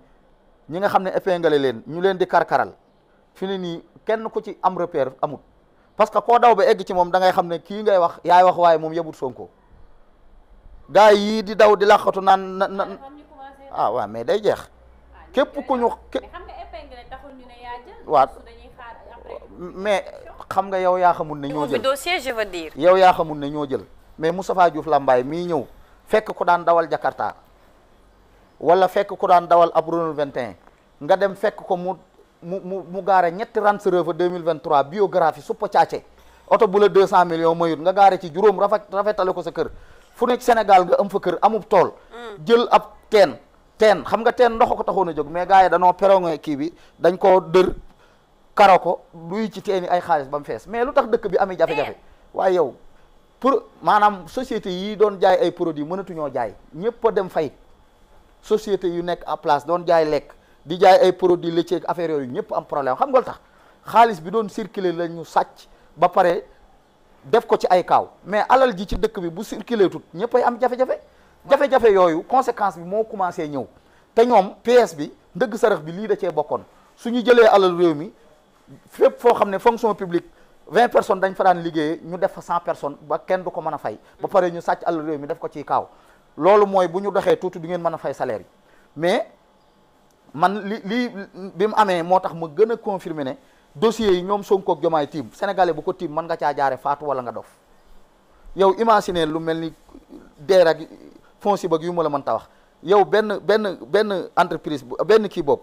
B: ñi nga xam ne épinglé leen ñu leen di karkaral fi ne nii kenn ku ci am repère amut parce que koo daw ba egg ci moom da ngay xam ne kii ngay wax yaay wax waaye moom yebut Sonko gars yii di daw di laqatu naan na na ah mais day jeex. képp ku ñu. mais mais xam nga yow yaa xamul ne ñoo jël dossier
A: je veux dire. yow
B: yaa xamul ne ñoo jël mais Moustapha Diouf Lambaye mii ñëw fekk ku daan dawal Jakarta wala fekk ku daan dawal ab Renault 21 nga dem fekk ko mu mu mu mu gaare ñetti Range Rover 2023 biographie suppa caace oto bu la 200 millions mayut nga gaare ci juróom rafet rafetale ko sa kër fu nekk Sénégal nga am fa kër amub tool. Mm. jël ab teen. teen xam nga teen ndox ko taxoon a jóg mais gars yi danoo peroŋe kii bi dañ koo dër karo ko luy ci teen ay xaalis ba mu fees mais lu tax dëkk bi amee jafe-jafe waaye yow pour maanaam société yi doon jaay ay produits mënatuñoo jaay ñëpp a dem fay société yu nekk à place doon jaay lekk di jaay ay produits laitiers affaire yooyu ñëpp am problème xam nga lu tax xaalis bi doon circuler la ñu sàcc ba pare def ko ci ay kaaw mais alal ji ci dëkk bi bu circuler tut ñëpp ay am jafe jafe-jafe yooyu conséquence bi moo commencé ñëw te ñoom PS bi ndëgg sarax bi lii da cee bokkoon su ñu jëlee alal réew mi fépp foo xam ne fonction publique vingt personnes dañ fa daan liggéeyee ñu def fa cent personnes ba kenn du ko mën a fay ba pare ñu sàcc alal réew mi def ko ci kaaw loolu mooy bu ñu doxee tuuti du ngeen mën a fay salaire mais man li lii bi mu amee moo tax ma gën a confirmer ne dossiers yi ñoom Sonko ak Diomaye tiim sénégalais bu ko tiim mën nga caa jaare faatu wala nga dof lu mel ni deer ak foncier bëgg yu ma la mën ta wax yow benn benn benn entreprise benn kii bokk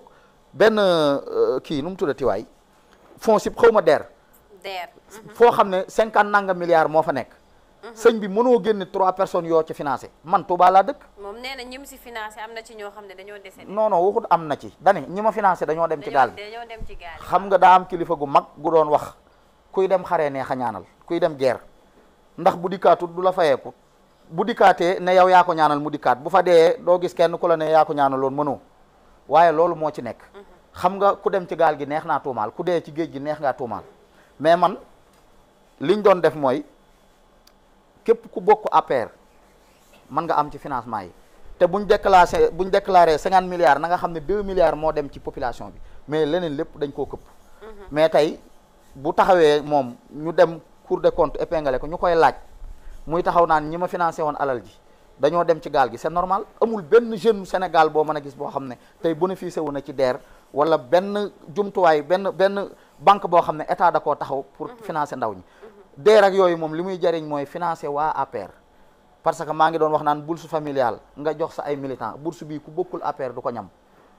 B: benn euh, kii nu mu tuddati waay foncier xaw ma DER.
A: DER mhm. foo xam
B: ne cinquante nangam milliards moo fa nekk. Mhm. sëñ bi mënoo génne trois personnes yow ci finance man Touba laa dëkk.
A: moom nee si financé am na ci ñoo xam ne dañoo dese.
B: am na ci dani ñi ma financé dañoo dem ci gaal
C: dañoo dem ci xam
B: nga daa am kilifa gu mag gu doon wax kuy dem xare neex a ñaanal kuy dem guerre ndax bu dikkaatul du la fayeeku bu dikkaatee ne yow yaa ko ñaanal mu dikkaat bu fa dee doo gis kenn ku la ne yaa ko ñaanaloon mënoo waaye loolu moo ci nekk xam nga ku dem ci gaal gi neex naa tuumaal ku dee ci géej gi neex ngaa tuumaal mais man liñ doon def mooy képp ku bokk APR mën nga am ci financement yi te buñ déclaré buñ déclaré cinquante milliards na nga xam ne deux milliards moo dem ci population bi mais leneen lépp dañ koo këpp
C: mhm.
B: mais tey bu taxawee moom ñu dem cour des comptes ko ñu koy laaj muy taxaw naan ñi ma financé woon alal ji dañoo dem ci gaal gi c'est normal amul benn jeune Sénégal boo mën a gis boo xam ne tey bénéficié wu na ci DER wala benn jumtuwaay benn benn banque boo xam ne état da koo taxaw pour mhm. financer ndaw ñi
C: mhm.
B: DER ak yooyu moom li muy jariñ mooy financer waa APR parce que maa ngi doon wax naan bourse familiale nga jox sa ay militant bourse bii ku bokkul APR du ko ñam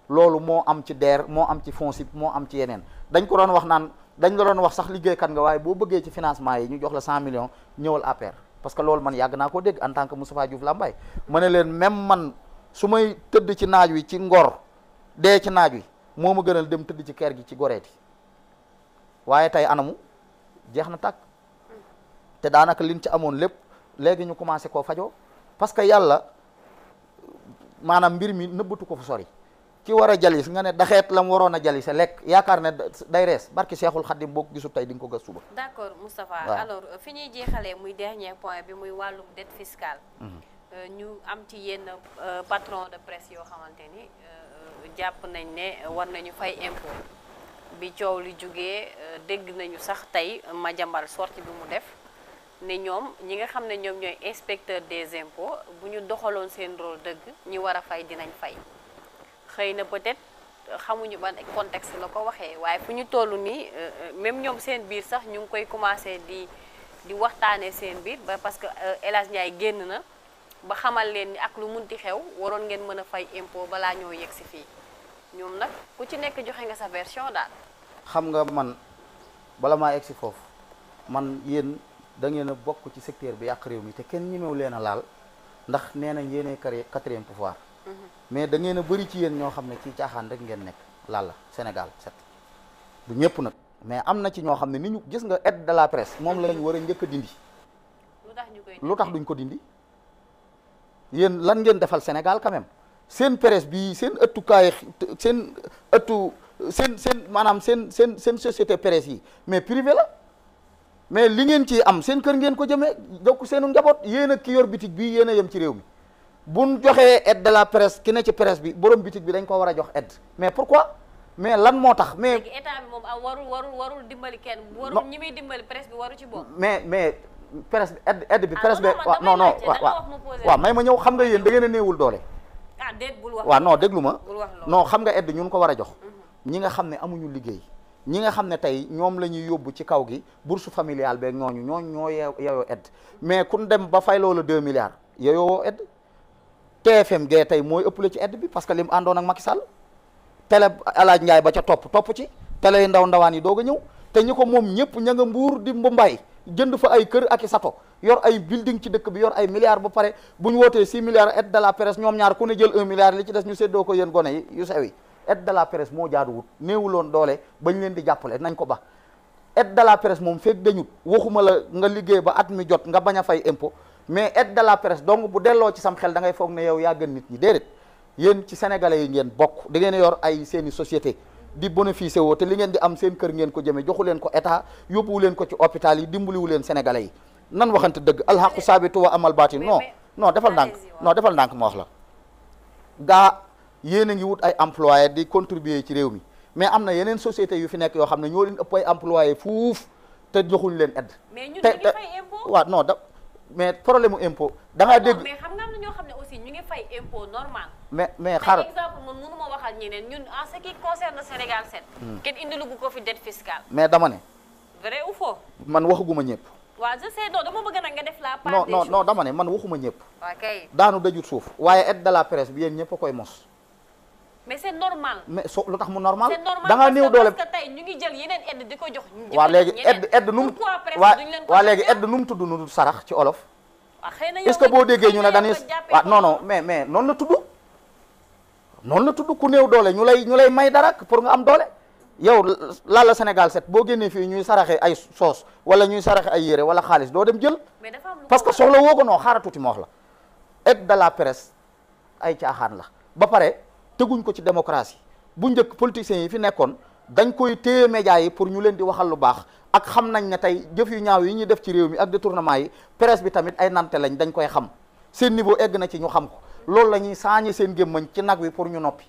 B: loolu moo am ci DER moo am ci FONSIP moo am ci yeneen dañ ko doon wax naan dañ la doon wax sax liggéeykat nga waaye boo bëggee ci financement yi ñu jox la 100 millions ñëwal APR parce que loolu man yàgg naa ko dégg en tant que Moustapha Diouf Lambaye ma ne leen même man su may tëdd ci naaj wi ci ngor dee ci naaj wi moo ma gënal dem tëdd ci kër gi ci goreeti waaye tey anamu jeex na takk te daanaka liñ ci amoon lépp léegi ñu commencé koo fajoo parce que yàlla maanaam mbir mi nëbbatu ko fu sori ki war a jalis nga ne daxeet la mu waroon a jalise lekk yaakaar na day rees barki seexul xaddim boo gisul tey di nga ko gas suba
A: d'accord Moustapha alors fi ñuy jeexalee muy dernier point bi muy wàllu dette fiscale mhm. euh, ñu am ci yenn euh, patron de presse yoo xamante ni euh, jàpp nañ ne war nañu fay impôt bi coow li jógee dégg nañu sax tey ma jambal sorti bi mu def ne ñoom ñi nga xam ne ñoom ñooy inspecteur des impôts bu ñu doxaloon seen rôle dëgg ñi war a fay dinañ fay xëy na peut-être euh, xamuñu ban contexte la ko waxee waaye fu ñu toll nii euh, euh, même ñoom seen biir sax ñu ngi koy commencé di di waxtaanee seen biir ba parce que El Hadj Ndiaye génn na ba xamal leen ni ak lu mun munti xew waroon ngeen mën a fay impôt balaa ñoo yegg si fii ñoom nag ku ci nekk joxe nga sa version daal.
B: xam nga man bala maa yegg si foofu man yéen da ngeen a bokk ci secteur bi yàq réew mi te kenn ñemewu leen a laal ndax nee nañ yéenay quatrième pouvoir. mais da ngeen a bëri ci yéen ñoo xam ne ci caaxaan rek ngeen nekk la Sénégal set du ñëpp nag mais am na ci ñoo xam ne ni ñu gis nga aide de la presse moom lañ war a njëkk a dindi. lu tax duñ ko dindi yéen lan ngeen defal Sénégal quand seen presse bi seen ëttukaay seen ëttu seen seen maanaam seen seen seen société presse yi mais privé la. mais li ngeen ci am seen kër ngeen ko jëmee jokk seenu njaboot yéen ak ki yor bitig bi yéen a yem ci réew mi buñ joxee aide de la presse ki ne ci presse bi borom bitig bi dañ ko war a jox aide mais pourquoi mais lan moo tax mais léegi
A: état warul warul warul dimbali kenn ñi muy dimbali presse ci bokk
B: mais mais presse bi aide bi ah, presse bi waaw non non waaw may ma ñëw xam nga yéen da ngeen a néewul doole
C: ah no déglu ma no
B: xam nga aide ñun ko war a jox mhm. ñi nga xam ne amuñu liggéey ñi nga xam ne tey ñoom la ñuy yóbbu ci kaw gi bourse familiale beeg ñooñu ñooñu ñoo yeeyoo aide mais kun dem ba fay loolu deux milliards yeyoo aide TFM gee tey mooy ëppale ci aide bi parce que li mu àndoon ak Macky Sall télé alaaj Ndiaye ba ca topp topp ci télé ndaw ndawaan yi doog a ñëw te ñu ko moom ñëpp ña nga mbuur di mbay jënd fa ay kër ak i sato yor ay building ci dëkk bi yor ay milliards ba pare bu ñu wootee 6 milliards aide de la presse ñoom ñaar ku ne jël 1 milliard li ci des ñu séddoo ko yéen gone yi yu sew yi aide de la presse moo jaaduwut néewuloon doole bañ leen di jàppale nañ ko ba aide de la presse moom fekk dañut waxuma la nga liggéey ba at mi jot nga bañ a fay impôt mais aide de la presse donc bu delloo ci sam xel da ngay foog ne yow yaa gën nit ñi déedéet yéen ci sénégalais yi ngeen bokk da ngeen yor ay seen société di bénéficier woo te li ngeen di am seen kër ngeen ko jëmee joxu leen ko état yóbbuwu leen ko ci hôpital yi dimbaliwu leen sénégalais yi nan waxante dëgg alxaqu saabitu wa amal baatin non non defal ndànk non defal ndànk ma wax la gaa yéen a ngi wut ay employé di contribuer ci réew mi mais am na yeneen société yu fi nekk yoo xam ne ñoo leen ëpp ay employé te joxuñ leen aide. te te da mais problème mu impôt. da dégg
A: xam nga am ñoo xam ne aussi ñu ngi fay impôt normal.
B: mais mais xaaral
A: exemple man mënu ma waxal ñeneen ñun en ce qui Sénégal 7. Hmm. kenn indilu ko fi dette fiscale. mais dama ne. vrai ou faux.
B: man waxaguma ñëpp.
A: waaw je sais non dama bëgg nag nga def la part. non non
B: dama ne man waxuma ñëpp. daanu dajut suuf waaye aide de la presse bi yéen ñëpp a koy mos.
A: mais c'est mais
B: so lu tax mu normal. c'est normal da nga néew doole parce
A: que tey ñu ngi jël di ko jox. waaw léegi aide aide nu
B: mu pourquoi leen ko waaw léegi aide mu tudd nu sarax ci olof.
C: est-ce que boo déggee ñu ne dañuy waaw non non
B: mais mais noonu la tudd noonu la tudd ku néew doole ñu lay ñu lay may dara pour nga am doole yow la la Sénégal set boo génnee fii ñuy saraxe ay soos wala ñuy saraxe ay yére wala xaalis doo dem jël parce que soxla woo ko noo xaara tuuti ma wax la aide de la presse ay caaxaan la ba pare teguñ ko ci démocratie bu njëkk politiciens yi fi nekkoon dañ koy téye médias yi pour ñu leen di waxal lu baax ak xam nañ ne tey jëf yu ñaaw yi ñuy def ci réew mi ak détournement yi presse bi tamit ay nante lañ dañ koy xam seen niveau egg na ci ñu xam ko loolu la saañi seen gémmañ ci nag wi pour ñu noppi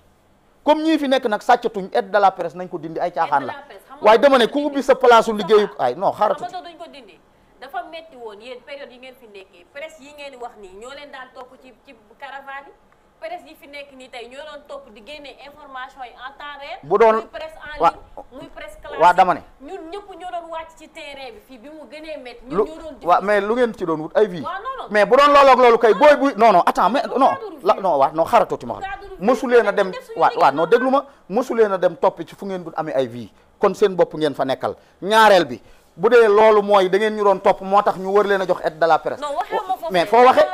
B: comme ñii fi nekk nag sàccatuñ aide la presse nañ ko dindi ay caaxaan la waaye dama ku ubbi sa place liggéeyu ay non xaaratu
A: presse yi fi nekk nii tey ñoo doon topp di bu doon muy presse
B: en ligne muy presse classique. dama ne
A: ci terrain bi mu gënee métti. ñun waaw
B: mais lu ngeen ci doon wut ay vie. mais bu doon looloog loolu kay booy buy. non non attends mais non la non waaw non xaaral ma xam. mosuleen a dem waaw waaw non déglu ma mosuleen a dem toppi ci fu ngeen dul amee ay vie kon seen bopp ngeen fa nekkal ñaareel bi. bu dee loolu mooy da ngeen ñu doon topp moo tax ñu war leen a jox aide de la presse.
C: mais foo waxee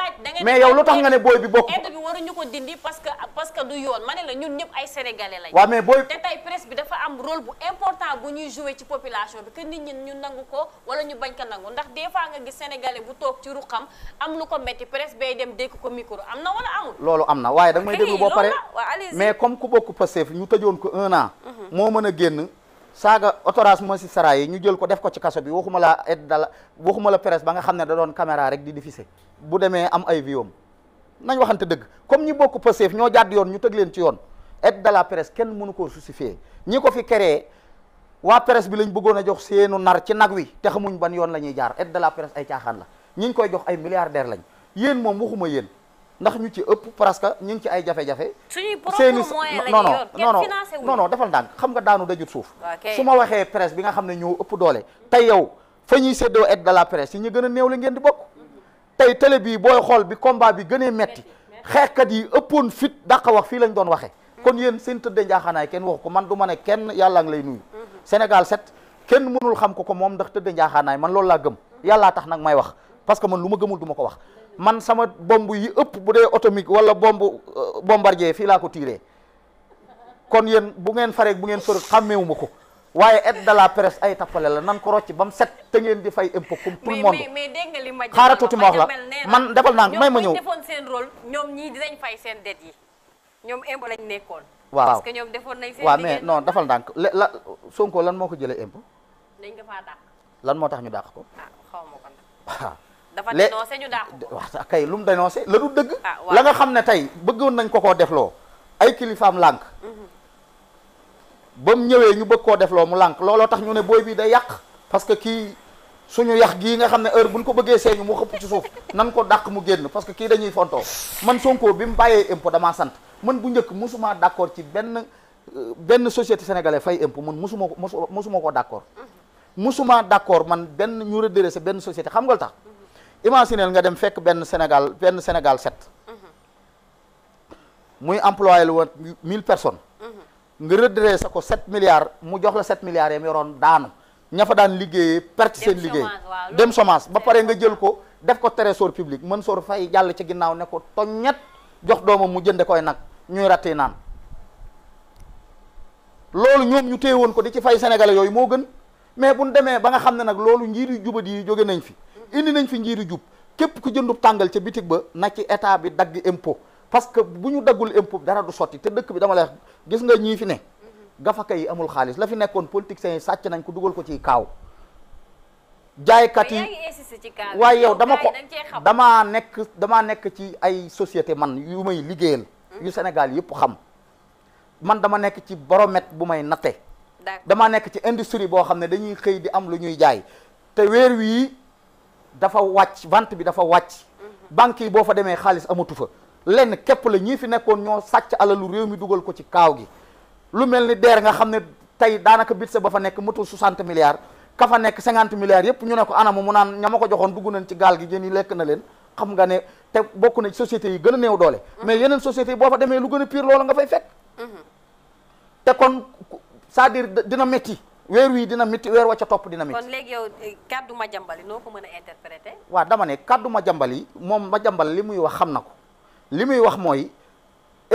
C: mais yow
B: lu tax nga ne booy bi bokk.
A: aide bi waruñu ko dindi parce que parce que du yoon ma ne la ñun ñëpp ay sénégalais lañ. waaw mais booy te tey presse bi dafa am rôle bu important bu ñuy jouer ci population bi que nit ñi ñu nangu ko wala ñu bañ ko nangu ndax des fois nga gis sénégalais bu toog ci ruqam am lu ko metti presse bay dem dékk ko micro am na wala amul. loolu
B: am na waaye da nga may déglu boo pare mais comme ku bokk Pastef ñu tëjoon ko un an. Mhm. moo mën a génn. saaga autorage moo si sara yi ñu jël ko def ko ci kaso bi waxuma la aide dala waxuma la presse ba nga xam ne da doon caméra rek di diffuser bu demee am ay viom nañ waxante dëgg comme ñi bokk Pastef ñoo jàdd yoon ñu tëg leen ci yoon aide de la presse kenn mënu koo justifier ñi ko fi créé waa presse bi lañ bëggoon a jox seenu nar ci nag wi te xamuñ ban yoon la ñuy jaar aide de la presse ay caaxaan la ñi ñu koy jox ay milliardaire lañ yéen moom waxuma yéen ndax ñu ci ëpp parce ñu ngi ci ay jafe-jafe seeni non non non non non defal xam nga daanu dajut suuf su ma waxee presse bi nga xam ne ñëw ëpp doole tey yow fa ñuy séddoo aide de la presse yi ñu gën a néew la ngeen di bokk tey tele bii booy xool bi combat bi gënee metti kat yi ëppoon fit dàqa wax fii lañ doon waxe kon yéen seen tëddee njaaxaanaay kenn waxu ko man du ma ne kenn yàlla ngi lay nuyu mhm. Sénégal set kenn mënul xam ko ko moom ndax tëddee njaaxaanaay man loolu laa gëm yàllaa tax nag may wax parce que man lu ma gëmul du ko wax man sama bomb yi ëpp bu dee automique wala bomb euh, bombardier fii laa ko tiiree kon yéen bu ngeen fareeg bu ngeen sorog xàmmeewuma ko waaye aide de la presse ay tappale la nan ko rocc ba mu set te ngeen di fay impôt comme tout le monde xaaral tuuti ma wax la man defal naa may ma ñëw defoon seen
A: rôle ñoom fay seen dette yi ñoom impôt lañ nekkoon waaw parce que defoon nañ seen mais non
B: dafal ndànk la Sonko lan moo ko jëlee impôt dañ ko faa lan moo tax ñu dàq ko ah, xaw ma ko ah. dafa dénoncé
A: ñu dàq ko waaw
B: kay lu mu dénoncé la du dëgg ah, la nga xam ne tey bëggoon nañ ko koo defloo ay kilifaam lànk mhm. ba mu ñëwee ñu bëgg koo defloo mu lànk looloo tax ñu ne booy bii day yàq parce que kii suñu yax gii nga xam ne heure buñ ko bëggee seeñu mu xëpp ci suuf nan ko dàq mu génn parce que kii dañuy fontoo man Sonko bi mu bàyyee impôt damaa sant man bu njëkk mosuma d'accord ci benn euh, benn société sénégalaise fay impôt man mosuma ko mosuma ko d'accord mosuma mhm. d'accord man benn ñu redresser benn société xam nga lu imagineel nga dem fekk benn Sénégal benn Sénégal set muy employé lu woon mille personnes nga redressé ko sept milliards mu jox la set milliards yam yoroon daanu ña fa daan liggéeyee perte seen liggéey dem chômage ba pare nga jël ko def ko trésor public mën soor fay jàll ci ginnaaw ne ko toññet jox doomam mu jënde koy nag ñuy rattee naan loolu ñoom ñu téye woon ko di ci fay sénégal yooyu moo gën mais bu ñu demee ba nga xam ne nag loolu njiit yu jubadi yi jóge nañ fi indi nañ fi njiiru jub képp ku jëndub tàngal ca bitig ba na ci état bi dagg impôt parce que bu ñu daggul impôt dara du sotti te dëkk bi dama lay gis nga ñii fi ne gafaka yi amul xaalis la fi nekkoon politiciens yi sàcc nañ ko dugal ko ci kaaw jaaykat yi
A: waaye yow dama ko damaa
B: nekk damaa nekk ci ay société man yu may liggéeyal hmm. Sénégal yëpp xam man dama nekk ci baromètre bu may natte damaa nekk ci industrie boo xam ne dañuy xëy di am lu ñuy jaay te weer wii dafa wàcc vente bi dafa wàcc mhm. banques yi boo fa demee xaalis amatu fa lenn képp la ñii fi nekkoon ñoo sàcc lu réew mi dugal ko ci kaaw gi lu mel ni deer nga xam ne tey daanaka se ba fa nekk matul 60 milliards ka fa nekk 50 milliards yépp ñu ne ko anam mu naan ña ma ko joxoon dugg nañ ci gaal gi jën yi lekk na leen xam nga ne te bokk na ci sociétés yi gën a néew doole mhm. mais yeneen sociétés yi boo fa demee lu gën a pire nga fay fekk mhm. te kon cest à dina métti weer wii dina métti weer wa ca topp dina métti. kon
A: léegi yow eh, kaddu Madiambal noo ko mën a interpréter.
B: waa dama ne kaddu Madiambal yi moom Madiambal li muy wax xam na ko li muy wax mooy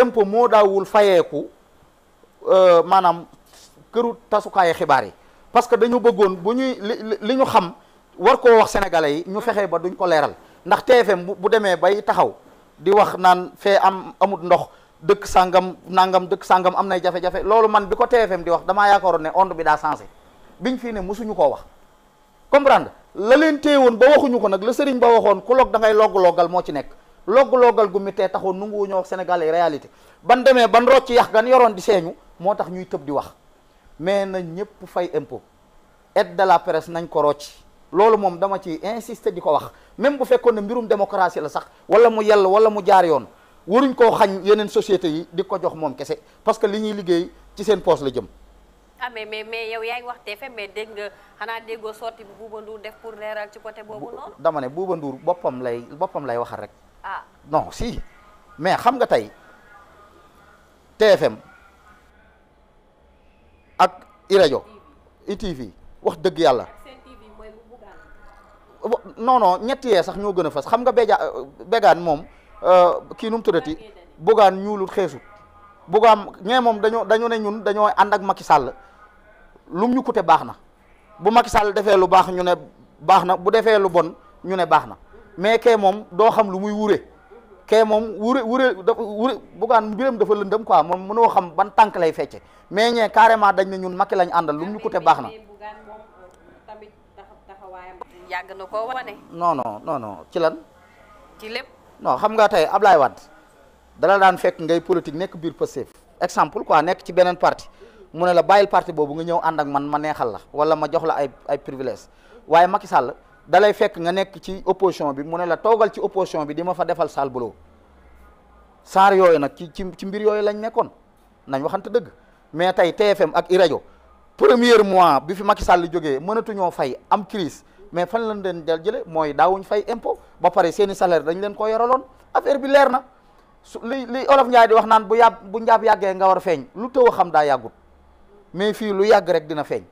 B: impôt moo daawul fayeeku euh, maanaam këru tasukaayu xibaar yi parce que dañu bëggoon bu ñuy li li ñu xam war koo wax sénégalais yi ñu fexee ba duñ ko leeral ndax TFM bu demee bay taxaw di wax naan fee am amut ndox. dëkk sàngam nangam dëkk sàngam am nay jafe-jafe loolu man bi ko TFM di wax damaa yaakaaroon ne onde bi daa sensé biñ fii ne mosuñu koo wax comprendre la leen téye woon ba waxuñu ko nag la sëriñ ba waxoon ku loog dangay ngay logg-loggal moo ci nekk logg-loggal gu mi tee taxoon nunguwu ñoo wax Sénégal réalité ban demee ban rocc yax gan yoroon di seeñu moo tax ñuy tëb di wax mais na ñëpp fay impôt aide de la presse nañ ko rocc loolu moom dama ci insister di ko wax même bu fekkoon ne mbirum démocratie la sax wala mu yell wala mu jaar yoon waruñ koo xañ yeneen société yi di ko jox moom kese parce que li ñuy liggéey ci seen poche la jëm.
A: ah mais mais mais yow yaa wax TFM mais dégg nga xanaa déggoo sorti bi Bouba Ndour def pour leeral ci côté boobu noonu.
B: dama ne boppam lay boppam lay waxal rek. ah non si mais xam nga tey TFM ak iRadio ITV wax dëgg yàlla. non non ñett yee sax ñoo gën a fas xam nga béja bégaan moom. Euh, kii nu mu tuddati ñuulu ñuulut xeesut Bougane ñee moom dañoo dañoo ne ñun dañoo ànd ak Macky sàll lum ñu kute baax na bu Macky sàll defee lu baax ñu ne baax na bu defee lu bon ñu ne baax na mais kee moom doo xam lu muy wure kee moom wure wure da wure Bougane mbiram dafa lëndëm ko moom mënoo xam ban tànk lay fecce mais ñee carrément dañ ne ñun Macky lañ àndal lum ñu kute baax na.
A: yàgg na ko wane. ci lan. ci
B: non xam nga tey Ablaye Wade dala daan fekk ngay politique nekk biir Pastef exemple quoi nekk ci beneen parti mu ne la bàyyil parti boobu nga ñëw ànd ak man ma neexal la wala ma jox ay ay privilège waaye Macky Sall dalay fekk nga nekk ci opposition bi mu ne la toogal ci opposition bi di ma fa defal sale boulot saar yooyu nag ci ci mbir yooyu lañ nekkoon nañ waxante dëgg mais tey TFM ak i rajo premier mois bi fi Macky Sall jógee mënatuñoo fay am crise mais fan lañ leen jël jële mooy daawuñu fay impôt ba pare seeni i salaire dañ leen ko yoraloon affaire bi leer na su li li olof Njaay di wax naan bu yàb bu njaab yàggee nga war a feeñ lu tëw xam daa yàggut mais fii lu yàgg rek dina feeñ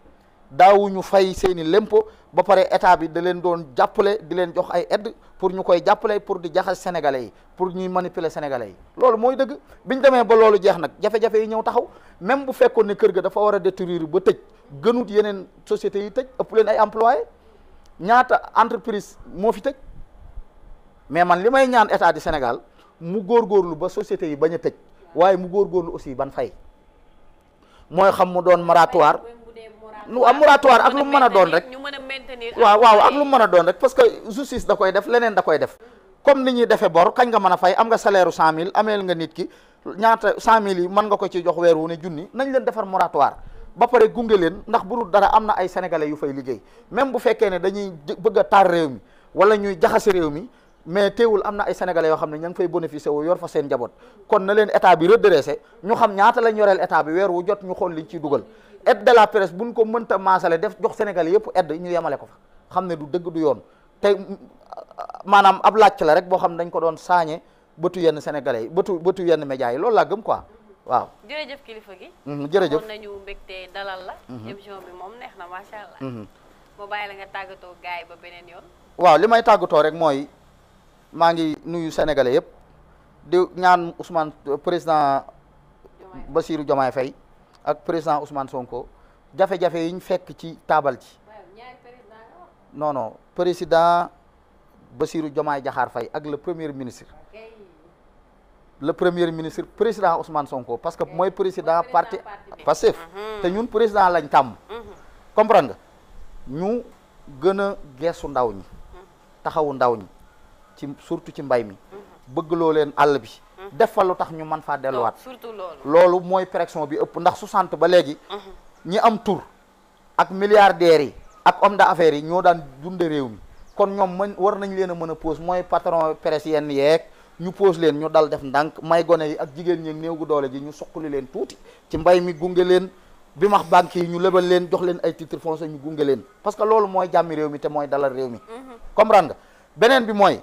B: daawuñu fay seen i lempo ba pare état bi da leen doon jàppale di leen jox ay aide pour ñu koy jàppale pour di jaxas sénégalais yi pour ñuy manipuler sénégalais yi loolu mooy dëgg biñ demee ba loolu jeex nag jafe-jafe yi ñëw taxaw même bu fekkoon ne kër ga dafa war a détruire ba tëj gënut yeneen sociétés yi tëj ëpp leen ay employé ñaata entreprise moo fi tëj mais man li may ñaan état du Sénégal mu góorgóorlu ba société yi bañ a tëj waaye mu góor góorlu aussi ban fay mooy xam mu doon moratoire nu am moratoire ak lu mu mën a doon rek
C: waaw waaw ak lu mu mën a
B: doon rek parce que justice da koy def leneen da koy def comme ni ñuy defee bor kañ nga mën a fay am nga salaire cent mille ameel nga nit ki ñaata cent mille yi mën nga ko ci jox weer wu ne junni nañ leen defar moratoire ba pare gunge leen ndax bu dul dara am na ay sénégalais yu fay liggéey même bu fekkee ne dañuy bëgg a taar réew mi wala ñuy jaxase réew mi mais teewul am na ay sénégalais yoo xam ne ña fay bénéficié wu yor fa seen njaboot kon na leen état bi redressé ñu xam ñaata lañ état bi weer wu jot xool liñ ciy dugal aide de la presse buñ ko mënta maasale def jox sénégalais yëpp aide ñu yemale ko fa xam ne du dëgg du yoon te maanaam ab laaj la rek boo xam ne dañ ko doon saañe bëtu yenn sénégalais yi bëtu bëtu yenn médias yi loolu laa gëm quoi waaw
C: jërëjëf kilifa gi.
B: Mhm, jërëjëf moom
A: nañu mbégte dalal la. Mhm. émission bi moom neex na macha allah. ma mhm. nga tàggatoo gaay ba beneen yoon.
B: waaw li may tàggatoo rek mooy maa ngi nuyu sénégalais yëpp di ñaan Ousmane président basiiru Diomaye Faye ak président Ousmane Sonko jafe-jafe yi ñu fekk ci taabal ji. noonoo non président Bassirou Diomaye Diakhar Faye ak le premier ministre. le premier ministre président Ousmane Sonko parce que mooy président parti Pastef mhm. te ñun président lañ tàmm mhm. comprendre nga ñu gën a geesu ndaw ñi mhm. taxawu ndaw ñi ci surtout ci mbay mi bëggloo leen àll bi def fa lu tax ñu mën faa delluwaat surtout loolu mooy pression bi ëpp ndax 60 ba léegi ñi am tur ak milliardaires yi ak homme affaire yi ñoo daan dundee réew mi kon ñoom mën war nañ leen a mën a pose mooy patron presse yenn yeeg ñu pose leen ñu dal def ndànk may gone yi ak jigéen ñi néew gu doole ji ñu soqali leen tuuti ci mbay mi gunge leen bi max banque yi ñu lebal leen jox leen ay titre foncier ñu gunge leen parce que loolu mooy jàmmi réew mi te mooy dalal réew mi mhm. comprendre nga beneen bi mooy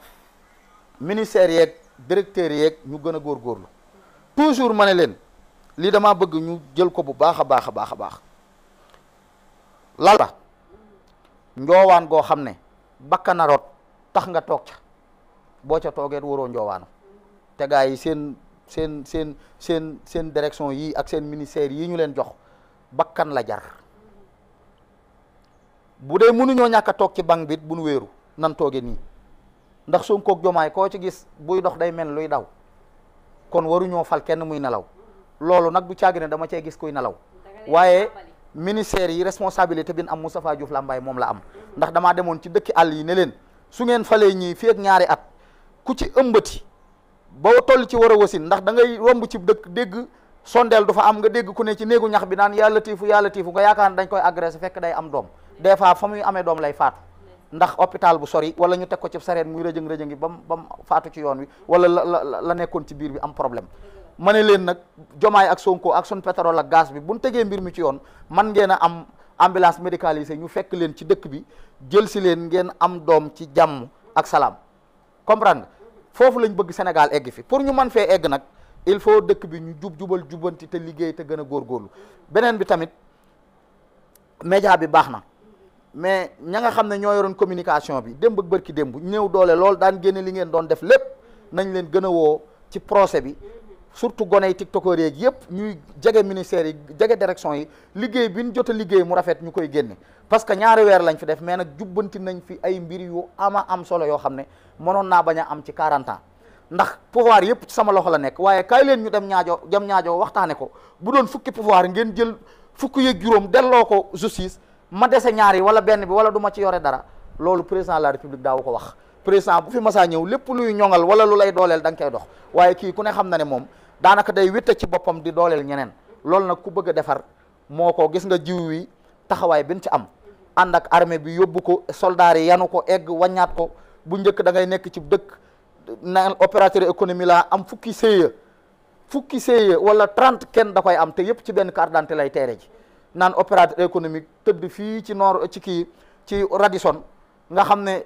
B: ministère yeeg directeur yeeg ñu gën góor góorlu toujours ma ne leen lii damaa bëgg ñu jël ko bu baax a baax a baax a baax lal la njoowaan goo xam ne bakkan a rot tax nga toog boo ca toogee waroo njoowaanu te yi seen seen seen seen seen direction yii ak seen ministère yii ñu leen jox bakkan la jar bu dee mënuñoo ñàkk a toog ci banque bi bu nu wéeru nan toogee nii ndax Sonko ak Jomaay koo ci gis buy dox day mel luy daw kon waruñoo fal kenn muy nelaw loolu nag du caagi ne dama cee gis kuy nelaw waaye ministère yi responsabilité bi am Moustapha Diouf Lambaye moom la am ndax damaa demoon ci dëkki àll yi ne leen su ngeen falee ñii fii ñaari at ku ci ëmbati ba toll ci war a wasin ndax da ngay romb ci dëkk dégg sondeel du fa am nga dégg ku ne ci néegu ñax bi naan yàlla tiifu yàlla tiifu nga yaakaar ne dañ koy agressé fekk day am doom des fois fa muy amee doom lay faatu ndax hôpital bu sori wala ñu teg ko ci sareet muy rëjëng rëjëng ba mu ba mu faatu ci yoon wi wala la la nekkoon ci biir bi am problème ma ne leen nag jomaay ak sonko ak sun pétrole ak gas bi bu ñu tegee mbir mi ci yoon man ngeen a am ambulance médicalisée ñu fekk leen ci dëkk bi jël si leen ngeen am doom ci jàmm ak salaam comprendre foofu lañ bëgg Sénégal egg fi pour ñu mën fee egg nag il faut dëkk bi ñu jub jubal jubanti te liggéey te gën a góorgóorlu beneen bi tamit média bi baax na mais ña nga xam ne ñoo yoroon communication bi démb ak bërki démb ñëw doole lool daan génne li ngeen doon def lépp nañ leen gën woo ci procès bi surtout gone yi tiktokeur yeeg yëpp ñuy jege ministère yi jege direction yi liggéey bi ñu jot liggéey mu rafet ñu koy génne parce que ñaari weer lañ fi def mais nag jubbanti nañ fi ay mbir yu ama am solo yoo xam ne mënoon naa bañ a am ci 40 ndax pouvoir yëpp sama loxo la nekk waaye kaay leen ñu dem ñaajo jam ñaajo waxtaane ko bu doon fukki pouvoir ngeen jël fukki yeeg juróom delloo ko justice ma dese ñaar yi wala benn bi wala duma ci yore dara loolu président la république daawu ko wax président bu fi masaa ñëw lépp luy ñoŋal wala lu lay dooleel da nga koy dox waaye kii ku ne xam na ne moom daanaka day witte ci boppam di dooleel ñeneen loolu nag ku bëgg defar moo ko gis nga jiw wi taxawaay bin ci am ànd ak armée bi yóbbu ko soldats yi yanu ko egg wàññaat ko bu njëkk da ngay nekk ci dëkk naan opérateur économie laa am fukki CIE fukki CIE wala trente kenn da koy am te yépp ci benn carte d'identité lay teere ji naan opérateur économique tëdd fii ci noor ci kii ci Radisson nga xam ne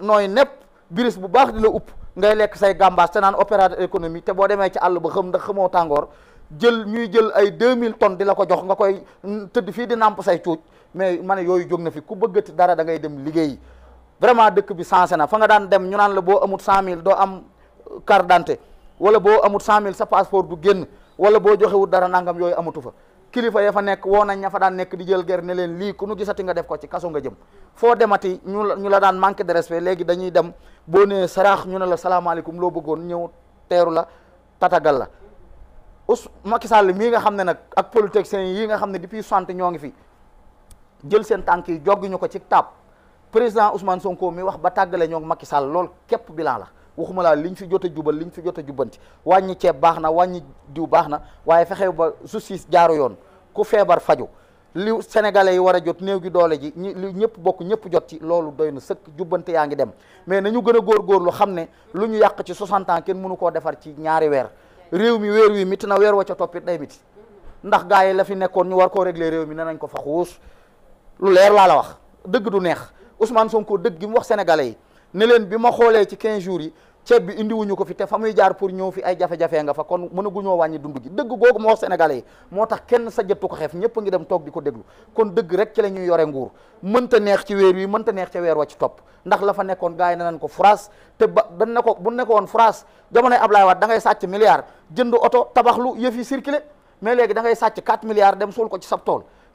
B: nooy nepp biris bu baax di la upp ngay lekk say gàmbaas te naan opérateur économique te boo demee ci àll ba xam ndax xamoo tàngoor jël ñuy jël ay deux mille tonnes di la ko jox nga koy mm, tëdd fii di nàmp say cuuc mais ma ne yooyu jóg na fi ku bëggati dara da ngay dem liggéey vraiment dëkk bi sensé na fa nga daan dem ñu naan la boo amut cent mille doo am euh, carte d'identité wala boo amut cent mille sa passeport du génn wala boo joxewut dara nangam yooyu amatu fa kilifa ya fa nekk woo nañ ña fa daan nekk di jël ger ne leen lii ku nu gisati nga def ko ci kaso nga jëm foo demati ñu la ñu la daan manqué de respect léegi dañuy dem boo nee saraax ñu ne la salaamaaleykum loo bëggoon ñëw teeru la tatagal la us Macky Sall mii nga xam ne nag ak politiciens yi nga xam ne depuis soixante ñoo ngi fi jël seen tànk yi joggi ko ci tàpp président Ousmane Sonko mi wax ba tàggale ñoo Macky Sall lool képp bilan la waxuma laa liñ fi jot a jubal liñ fi jot a jubbanti wàññi ceeb baax na wàññi diw baax na waaye fexee ba justice jaaru yoon ku feebar faju li sénégalais yi war a jot néew gi doole ji ñi ñëpp bokk ñëpp jot ci loolu doy na sëkk jubbante yaa ngi dem mais na nañu gën a góorgóorlu xam ne lu ñu yàq ci 60 ans kenn mënu koo defar ci ñaari weer réew mi weer wi miti na weer wa ca toppit day miti ndax gars yi la fi nekkoon ñu war koo régler réew mi ne nañ ko fa xuus lu leer laa la wax dëgg du neex Ousmane Sonko dëgg gi mu wax sénégalais yi ne leen bi ma xoolee ci 15 jours yi ceeb bi indiwuñu ko fi te fa muy jaar pour ñëw fi ay jafe-jafe nga fa kon mënaguñoo wàññi dund gi dëgg googu moo wax sénégalais yi moo tax kenn sa jëttu ko xeef ñëpp ngi dem toog di ko déglu kon dëgg rek ci la ñuy yore nguur mënta neex ci weer wi mënta neex ca weer wa ci topp ndax la fa nekkoon gaa yi ne nañ ko France te ba dañ ne ko bu nekkoon France jamonoy Ablaye Wade da ngay sàcc milliards jënd oto tabaxlu yëf yi circulé mais léegi da sàcc 4 milliards dem suul ko ci sab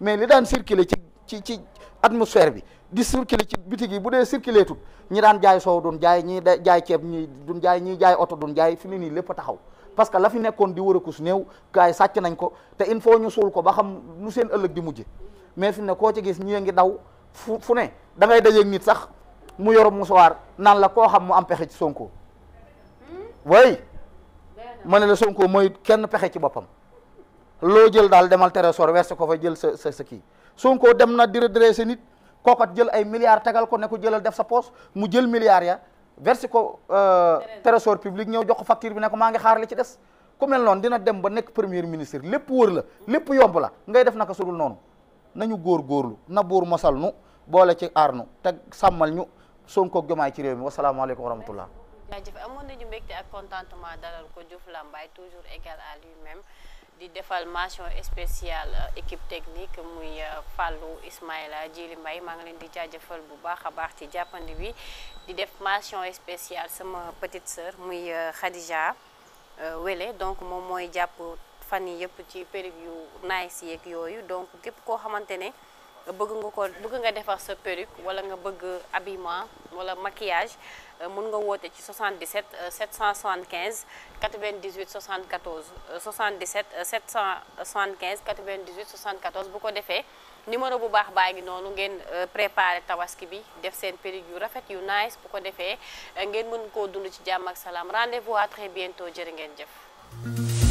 B: mais li daan circulé ci ci atmosphère bi di circuler ci bitig yi bu dee circuler tut ñi daan jaay soow doon jaay ñi jaay ceeb ñi jaay ñi jaay oto duñ jaay fi mu nii lépp taxaw parce que la fi nekkoon di war a kus néew gars yi sàcc nañ ko te il faut ñu suul ko ba xam nu seen ëllëg di mujje mais fi mu ne koo ci gis ñi ngi daw fu fu ne da ngay nit sax mu yorob musuwaar naan la koo xam mu am pexe ci Sonko way hmm? ma ne la Sonko mooy kenn pexe ci boppam loo jël daal demal trésor verse ko fa jël sa sa sa kii Sonko dem na dire di sa nit kookat jël ay milliards tegal ko ne ko jëlal def sa poche mu jël milliards ya verse ko euh, trésor public ñëw jox ko facture bi ne ko maa ngi xaar li ci des ku mel noonu dina dem ba nekk premier ministre lépp wër la lépp yomb la ngay def naka sudul noonu nañu góor góorlu na buur mosal nu boole ci aar nu teg sàmmal ñu Sonko jomaay ci réew mi wasalaamaaleykum wa rahmatullah
A: jaajëf amoon nañu mbégte ak contentement dalal ko di defal mention spéciale euh, équipe technique muy euh, Fallou Ismaïla Djili mbay maa ngi leen di jaajëfal bu baax a baax ci jàppandi bi di def mention spéciale sama petite sœur muy euh, Khadija Wele donc moom mooy jàpp fan yi yëpp ci perruque yu nice yeeg yooyu donc képp koo xamante ne bëgg nga ko bëgg nga defar sa perruque wala nga bëgg habillement wala maquillage Euh, mun nga woote ci 77 775 98 74 77 775 98 74 bu ko defee numéro bu baax baa ngi noonu ngeen euh, préparé tabaski bi def seen périg yu rafet yu nice bu ko defee euh, ngeen mën koo dund ci jàmm ak salaam rendez-vous à très bientôt jërë ngeen jëf